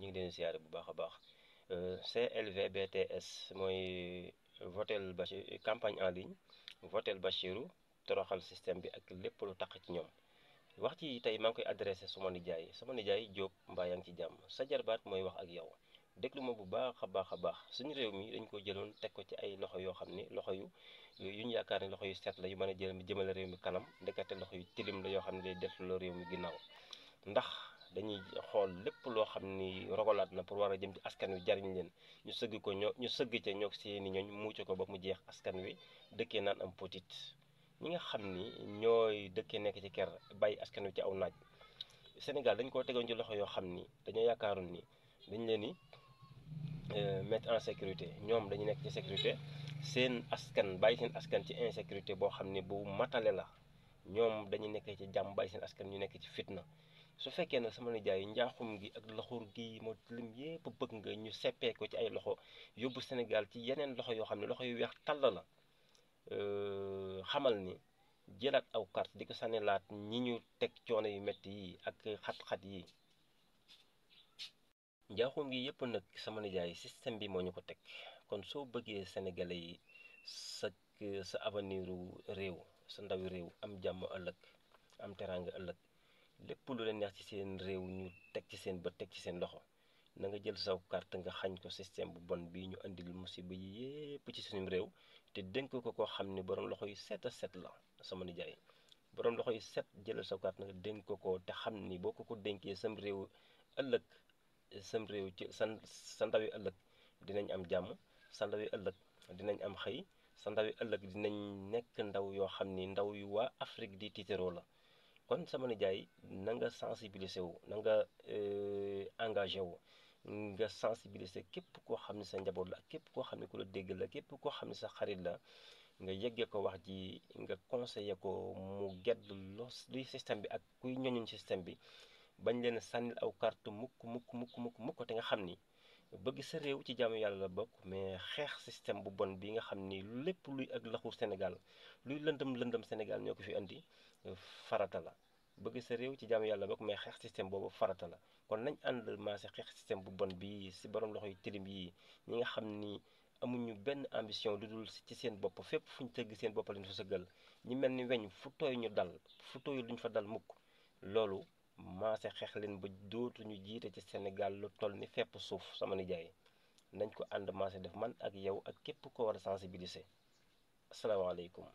ñu ngi leen siyaare bu baax a baax euh, CLVBTS mooy votel Bachir campagne en ligne votel Bachiru toroxal système bi ak lépp lu tax ci ñoom wax ci tey maa ngi koy adressé suma nijaay suma nijaay Diop mbaa yaa ngi ci jàmm sa jarbaat mooy wax ak yow déglu ma bu baax a baax a baax suñu réew mi dañ ko jëloon teg ko ci ay loxo yoo xam ne loxo yu yu ñu yaakaar ne loxo yu set la yu mën a jël jëmale réew mi kanam ndekete loxo yu tilim la yoo xam ne day def loo réew mi ginnaaw ndax dañuy xool lépp loo xam ni rogalaat na pour war a jëm ci askan wi jariñ leen ñu sëgg ko ñoo ñu sëgg ca ñoo seeni ñooñ muucc ko ba mu jeex askan wi dëkkee naan am potite ñi nga xam ni ñooy dëkkee nekk ci ker bàyyi askan wi ci aw naaj Sénégal dañ koo tegoon ci loxo yoo xam ni dañoo yaakaaroon ni dañu leen di euh, mettre en sécurité ñoom dañu nekk ci sécurité seen askan bàyyi seen askan ci insécurité boo xam ni bu matale la ñoom dañu nekk ci jàmm bàyyi seen askan ñu nekk ci fitna su fekkee ne sama nijaay njaaxum gi ak laxur gi moo lim yépp bëgg nga ñu seppee ko ci ay loxo yóbbu Sénégal ci yeneen loxo yoo xam ne loxo yu weex tàll la euh, xamal ni jëlaat aw kart di ko sànnilaat ñi ñu teg coono yu metti yi ak xat-xat yi njaaxum gi yépp nag sama nijaay système bi moo ñu ko teg kon soo bëggee sénégalais yi sa sa avenir réew sa ndawi réew am jàmm ëllëg am teraanga ëllëg leen neex ci seen réew ñu teg ci seen ba teg ci seen loxo na nga jël saw carte nga xañ ko système bu bon bii ñu andil musiba yi yépp ci suñu réew te dënk ko koo xam ne borom loxo yu set a la sama nijaay borom loxo yu set jëlal saw carte nga dénk ko ko te xam ni boo ko ko dénkee sam réew ëllëg sam réew ci san sa ndawi ëllëg dinañ am jàmm sa ndaw yi ëllëg dinañ am xëy sa ndawi ëllëg dinañ nekk ndaw yoo xam ni ndaw yu waa Afrique di tiitaroo la kon sama nijaay na nga sensibiliser wu na nga euh, engagé wu nga sensibiliser képp koo xam ne sa njaboot la ak képp koo xam ne ku la dégg la képp koo xam ne sa xarit la nga yeggee ko wax ji nga conseillé ko mu gedd los luy système bi ak kuy ñoñuñ système bi bañ leen sànni aw kart mukk mukk mukk mukk mukk te nga xam ni bëgg sa réew ci jaamu yàlla la bokk mais xeex système bu bon bi nga xam ni lépp luy ak laxu Sénégal luy lëndëm lëndëm Sénégal ñoo ko fi andi euh, farata la bëgg sa réew ci jaamu yàlla bokk mais xeex système boobu farata la kon nañ ànd maase xeex système bu bon bi si borom loxo yi tilim yi ñi nga xam ni amuñu benn ambition lu dul ci seen bopp fépp fu ñu tëgg seen bopp lañ fa sëggal ñu mel ni weñ fu tooy ñu dal fu tooy luñ fa dal mukk loolu maase xeex leen ba ñu jiite ci senegal lu toll ni fepp suuf sama nijaay nañ ko ànd maase def man ak yow ak képp ko war a sensibiliser asalaamaaleykum